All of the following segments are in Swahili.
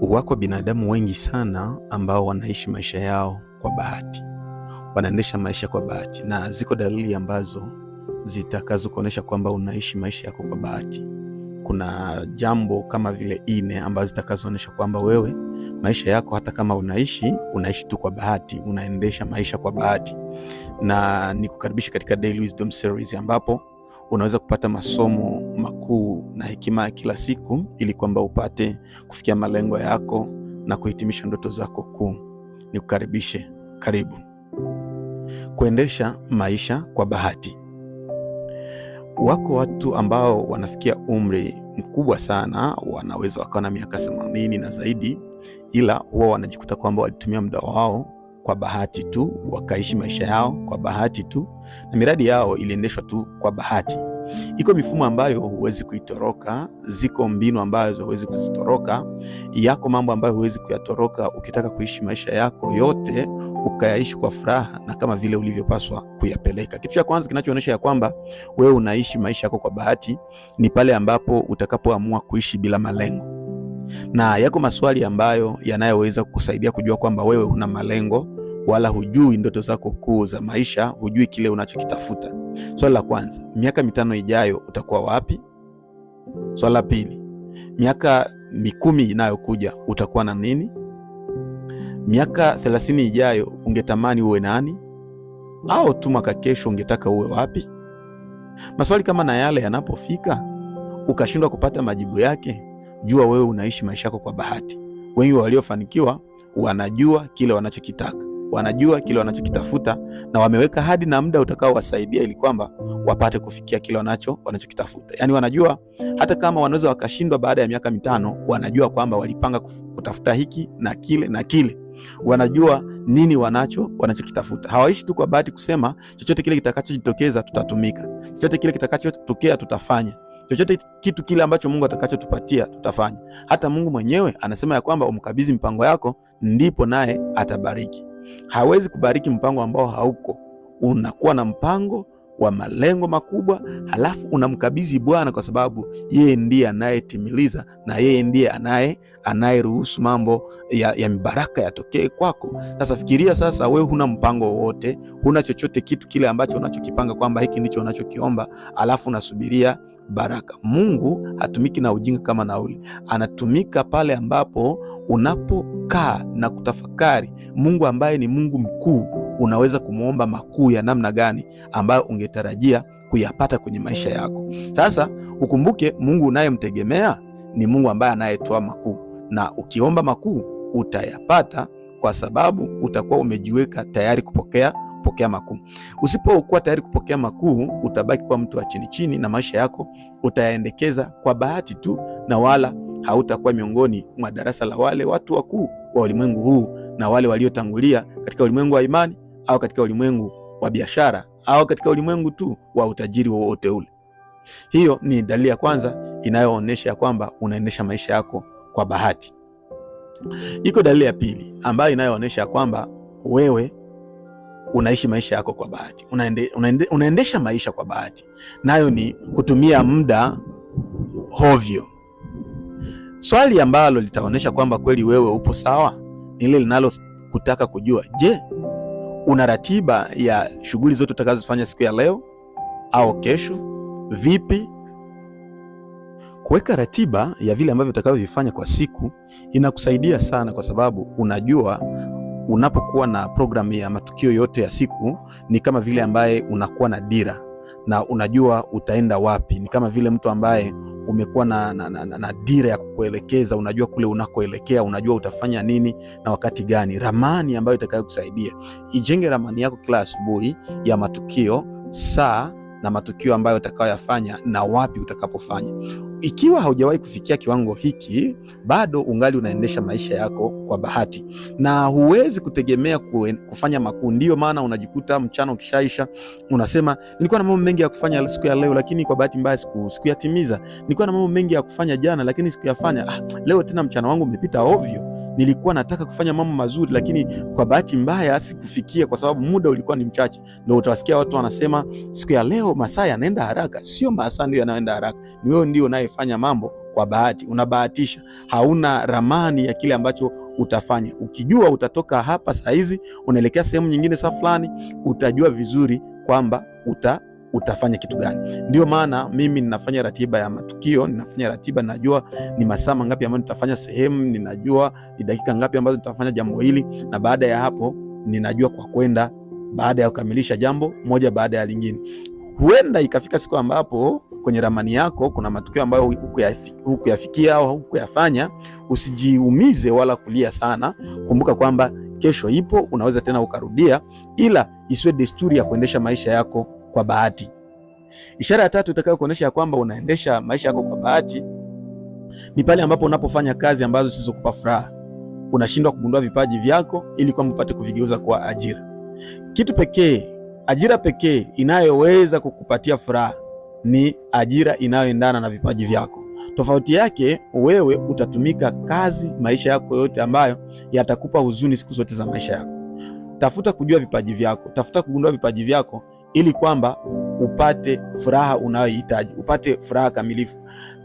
Wako binadamu wengi sana ambao wanaishi maisha yao kwa bahati, wanaendesha maisha kwa bahati, na ziko dalili ambazo zitakazo kuonyesha kwamba unaishi maisha yako kwa bahati. Kuna jambo kama vile ine ambazo zitakazoonyesha kwamba wewe maisha yako hata kama unaishi unaishi tu kwa bahati, unaendesha maisha kwa bahati. Na nikukaribisha katika Daily Wisdom Series ambapo unaweza kupata masomo makuu na hekima ya kila siku ili kwamba upate kufikia malengo yako na kuhitimisha ndoto zako kuu. Nikukaribishe, karibu kuendesha maisha kwa bahati. Wako watu ambao wanafikia umri mkubwa sana, wanaweza wakawa na miaka themanini na zaidi, ila huwa wanajikuta kwamba walitumia muda wao kwa bahati tu, wakaishi maisha yao kwa bahati tu, na miradi yao iliendeshwa tu kwa bahati. Iko mifumo ambayo huwezi kuitoroka, ziko mbinu ambazo huwezi kuzitoroka, yako mambo ambayo huwezi kuyatoroka. Ukitaka kuishi maisha yako yote ukayaishi kwa furaha na kama vile ulivyopaswa kuyapeleka, kitu cha kwanza kinachoonyesha ya kwamba wewe unaishi maisha yako kwa bahati ni pale ambapo utakapoamua kuishi bila malengo na yako maswali ambayo yanayoweza kukusaidia kujua kwamba wewe una malengo wala hujui ndoto zako kuu za maisha, hujui kile unachokitafuta. Swali la kwanza, miaka mitano ijayo utakuwa wapi? Swali la pili, miaka mikumi inayokuja utakuwa na nini? Miaka thelathini ijayo ungetamani uwe nani? Au tu mwaka kesho ungetaka uwe wapi? Maswali kama na yale yanapofika ukashindwa kupata majibu yake, jua wewe unaishi maisha yako kwa bahati. Wengi waliofanikiwa wanajua kile wanachokitaka, wanajua kile wanachokitafuta, na wameweka hadi na muda utakaowasaidia ili kwamba wapate kufikia kile wanacho wanachokitafuta. Yaani wanajua hata kama wanaweza wakashindwa baada ya miaka mitano, wanajua kwamba walipanga kutafuta hiki na kile na kile wanajua nini wanacho wanachokitafuta. Hawaishi tu kwa bahati kusema chochote kile kitakachojitokeza tutatumika, chochote kile kitakachotokea tutafanya chochote kitu kile ambacho Mungu atakachotupatia tutafanya. Hata Mungu mwenyewe anasema ya kwamba umkabidhi mpango yako, ndipo naye atabariki. Hawezi kubariki mpango ambao hauko. Unakuwa na mpango wa malengo makubwa, halafu unamkabidhi Bwana kwa sababu yeye ndiye anayetimiliza na yeye ndiye anaye anayeruhusu mambo ya, ya mibaraka yatokee kwako. Sasa fikiria sasa, wewe huna mpango wowote, huna chochote kitu kile ambacho unachokipanga kwamba hiki ndicho unachokiomba, alafu unasubiria baraka. Mungu hatumiki na ujinga kama nauli, anatumika pale ambapo unapokaa na kutafakari Mungu ambaye ni Mungu mkuu, unaweza kumwomba makuu ya namna gani ambayo ungetarajia kuyapata kwenye maisha yako. Sasa ukumbuke Mungu unayemtegemea ni Mungu ambaye anayetoa makuu, na ukiomba makuu utayapata, kwa sababu utakuwa umejiweka tayari kupokea kupokea makuu. Usipokuwa tayari kupokea makuu, utabaki kuwa mtu wa chini chini, na maisha yako utayaendekeza kwa bahati tu, na wala hautakuwa miongoni mwa darasa la wale watu wakuu wa ulimwengu huu na wale waliotangulia katika ulimwengu wa imani au katika ulimwengu wa biashara au katika ulimwengu tu wa utajiri wowote ule. Hiyo ni dalili ya kwanza inayoonyesha ya kwamba unaendesha maisha yako kwa bahati. Iko dalili ya pili ambayo inayoonyesha ya kwamba wewe unaishi maisha yako kwa bahati, unaende, unaende, unaendesha maisha kwa bahati, nayo ni kutumia muda hovyo. Swali ambalo litaonyesha kwamba kweli wewe upo sawa ni lile linalokutaka kujua, je, una ratiba ya shughuli zote utakazofanya siku ya leo au kesho? Vipi? Kuweka ratiba ya vile ambavyo utakavyovifanya kwa siku inakusaidia sana, kwa sababu unajua unapokuwa na programu ya matukio yote ya siku, ni kama vile ambaye unakuwa na dira na unajua utaenda wapi. Ni kama vile mtu ambaye umekuwa na, na, na, na dira ya kukuelekeza, unajua kule unakoelekea, unajua utafanya nini na wakati gani, ramani ambayo itakayokusaidia. Ijenge ramani yako kila asubuhi ya matukio, saa na matukio ambayo utakayoyafanya na wapi utakapofanya. Ikiwa haujawahi kufikia kiwango hiki, bado ungali unaendesha maisha yako kwa bahati, na huwezi kutegemea kufanya makuu. Ndiyo maana unajikuta mchana ukishaisha unasema, nilikuwa na mambo mengi ya kufanya siku ya leo, lakini kwa bahati mbaya sikuyatimiza. Nilikuwa na mambo mengi ya kufanya jana, lakini sikuyafanya. Ah, leo tena mchana wangu umepita ovyo nilikuwa nataka kufanya mambo mazuri, lakini kwa bahati mbaya sikufikia kwa sababu muda ulikuwa ni mchache. Ndio utawasikia watu wanasema siku ya leo masaa yanaenda haraka. Sio masaa ndio yanayoenda haraka, ni wewe ndio unayefanya mambo kwa bahati, unabahatisha. Hauna ramani ya kile ambacho utafanya. Ukijua utatoka hapa saa hizi unaelekea sehemu nyingine saa fulani, utajua vizuri kwamba uta utafanya kitu gani. Ndio maana mimi ninafanya ratiba ya matukio, ninafanya ratiba, najua ni masaa mangapi ambayo nitafanya sehemu, ninajua ni dakika ngapi ambazo nitafanya jambo hili, na baada ya hapo ninajua kwa kwenda, baada ya kukamilisha jambo moja baada ya lingine. Huenda ikafika siku ambapo kwenye ramani yako kuna matukio ambayo hukuyafikia au hukuyafanya. Usijiumize wala kulia sana, kumbuka kwamba kesho ipo, unaweza tena ukarudia, ila isiwe desturi ya kuendesha maisha yako kwa bahati. Ishara ya tatu itakayo kuonyesha ya kwamba unaendesha maisha yako kwa bahati ni pale ambapo unapofanya kazi ambazo zisizokupa furaha. Unashindwa kugundua vipaji vyako ili kwamba upate kuvigeuza kwa ajira. Kitu pekee, ajira pekee inayoweza kukupatia furaha ni ajira inayoendana na vipaji vyako. Tofauti yake, wewe utatumika kazi maisha yako yote ambayo yatakupa huzuni siku zote za maisha yako. Tafuta kujua vipaji vyako, tafuta kugundua vipaji vyako ili kwamba upate furaha unayohitaji, upate furaha kamilifu.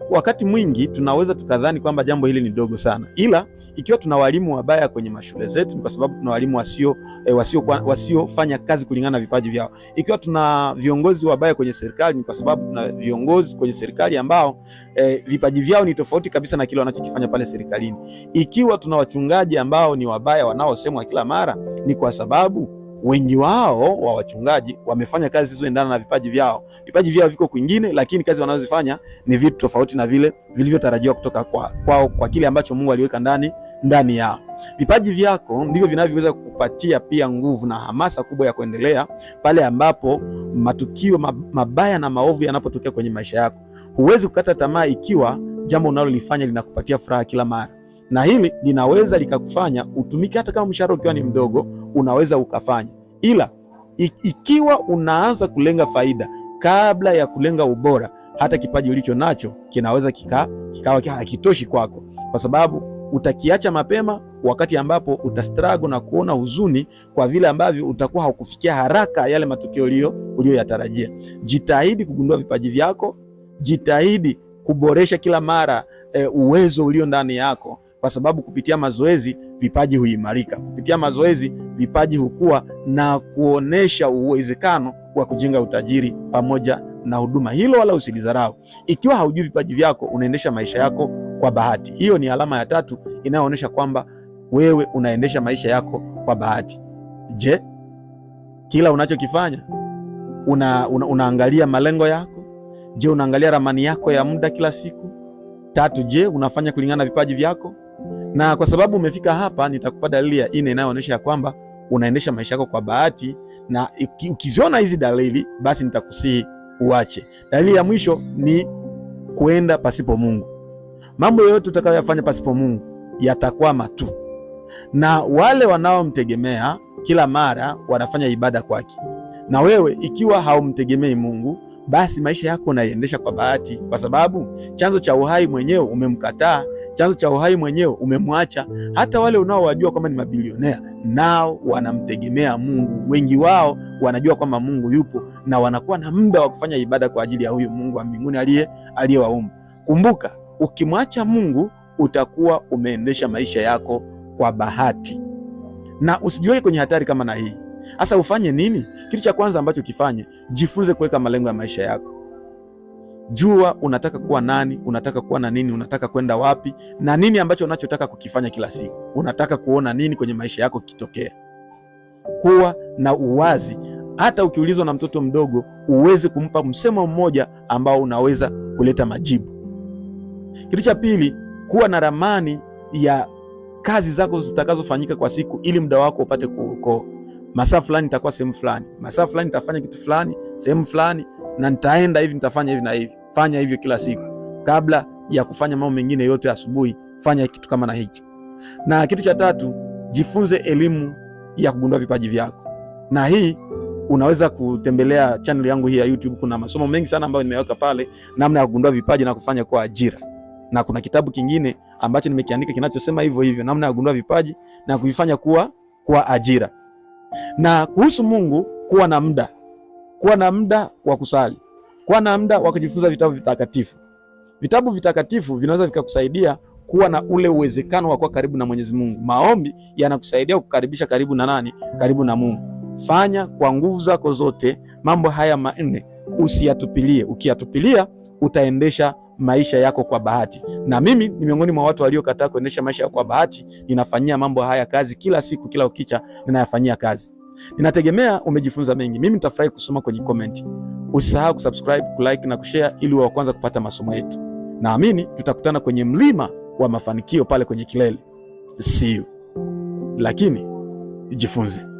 Wakati mwingi tunaweza tukadhani kwamba jambo hili ni dogo sana, ila ikiwa tuna walimu wabaya kwenye mashule zetu, ni kwa sababu tuna walimu wasio eh, wasio wasiofanya kazi kulingana na vipaji vyao. Ikiwa tuna viongozi wabaya kwenye serikali, ni kwa sababu tuna viongozi kwenye serikali ambao e, vipaji vyao ni tofauti kabisa na kile wanachokifanya pale serikalini. Ikiwa tuna wachungaji ambao ni wabaya wanaosemwa kila mara, ni kwa sababu wengi wao wa wachungaji wamefanya kazi zisizoendana na vipaji vyao. Vipaji vyao viko kwingine, lakini kazi wanazozifanya ni vitu tofauti na vile vilivyotarajiwa kutoka kwao, kwa, kwa kile ambacho Mungu aliweka ndani ndani yao. Vipaji vyako ndivyo vinavyoweza kukupatia pia nguvu na hamasa kubwa ya kuendelea pale ambapo matukio mabaya na maovu yanapotokea kwenye maisha yako. Huwezi kukata tamaa ikiwa jambo unalolifanya linakupatia furaha kila mara, na hili linaweza likakufanya utumike hata kama mshahara ukiwa ni mdogo, unaweza ukafanya, ila ikiwa unaanza kulenga faida kabla ya kulenga ubora, hata kipaji ulicho nacho kinaweza kika, kikawa hakitoshi kwako, kwa sababu utakiacha mapema wakati ambapo utastrago na kuona huzuni kwa vile ambavyo utakuwa haukufikia haraka yale matokeo ulio uliyoyatarajia. Jitahidi kugundua vipaji vyako, jitahidi kuboresha kila mara e, uwezo ulio ndani yako, kwa sababu kupitia mazoezi vipaji huimarika, kupitia mazoezi vipaji hukua na kuonesha uwezekano wa kujenga utajiri pamoja na huduma. Hilo wala usilidharau. Ikiwa haujui vipaji vyako, unaendesha maisha yako kwa bahati. Hiyo ni alama ya tatu inayoonyesha kwamba wewe unaendesha maisha yako kwa bahati. Je, kila unachokifanya una, una, unaangalia malengo yako? Je, unaangalia ramani yako ya muda kila siku? Tatu, je, unafanya kulingana na vipaji vyako? Na kwa sababu umefika hapa, nitakupa dalili ya ine inayoonyesha ya kwamba unaendesha maisha yako kwa bahati, na ukiziona hizi dalili, basi nitakusihi uache. Dalili ya mwisho ni kuenda pasipo Mungu. Mambo yote utakayoyafanya pasipo Mungu yatakwama tu, na wale wanaomtegemea kila mara wanafanya ibada kwake. Na wewe ikiwa haumtegemei Mungu, basi maisha yako unaiendesha kwa bahati, kwa sababu chanzo cha uhai mwenyewe umemkataa chanzo cha uhai mwenyewe umemwacha. Hata wale unaowajua kwamba ni mabilionea nao wanamtegemea Mungu, wengi wao wanajua kwamba Mungu yupo na wanakuwa na muda wa kufanya ibada kwa ajili ya huyu Mungu wa mbinguni aliye aliyewaumba. Kumbuka, ukimwacha Mungu utakuwa umeendesha maisha yako kwa bahati, na usijiweke kwenye hatari kama na hii. Sasa ufanye nini? Kitu cha kwanza ambacho kifanye, jifunze kuweka malengo ya maisha yako. Jua unataka kuwa nani, unataka kuwa na nini, unataka kwenda wapi na nini ambacho unachotaka kukifanya kila siku. Unataka kuona nini kwenye maisha yako kitokea. Kuwa na uwazi, hata ukiulizwa na mtoto mdogo uweze kumpa msemo mmoja ambao unaweza kuleta majibu. Kitu cha pili, kuwa na ramani ya kazi zako zitakazofanyika kwa siku, ili muda wako upate kuokoa. Masaa fulani nitakuwa sehemu fulani, masaa fulani nitafanya kitu fulani sehemu fulani na nitaenda hivi, nitafanya hivi na hivi. Fanya hivyo kila siku, kabla ya kufanya mambo mengine yote asubuhi, fanya kitu kama na hicho. Na kitu cha tatu, jifunze elimu ya kugundua vipaji vyako, na hii unaweza kutembelea channel yangu hii ya YouTube. Kuna masomo mengi sana ambayo nimeweka pale, namna ya kugundua vipaji na kufanya kwa ajira, na kuna kitabu kingine ambacho nimekiandika kinachosema hivyo hivyo, namna ya kugundua vipaji na kuifanya kuwa kwa ajira. Na kuhusu Mungu, kuwa na muda kuwa na muda wa kusali, kuwa na muda wa kujifunza vitabu vitakatifu. Vitabu vitakatifu vinaweza vikakusaidia kuwa na ule uwezekano wa kuwa karibu na Mwenyezi Mungu. Maombi yanakusaidia kukaribisha karibu na nani? Karibu na Mungu. Fanya kwa nguvu zako zote mambo haya manne, usiyatupilie. Ukiyatupilia utaendesha maisha yako kwa bahati, na mimi ni miongoni mwa watu waliokataa kuendesha maisha yako kwa bahati. Ninafanyia mambo haya kazi kila siku, kila ukicha ninayafanyia kazi. Ninategemea umejifunza mengi. Mimi nitafurahi kusoma kwenye komenti. Usisahau kusubscribe, kulike na kushare ili wa kwanza kupata masomo yetu. Naamini tutakutana kwenye mlima wa mafanikio pale kwenye kilele. See you. Lakini jifunze.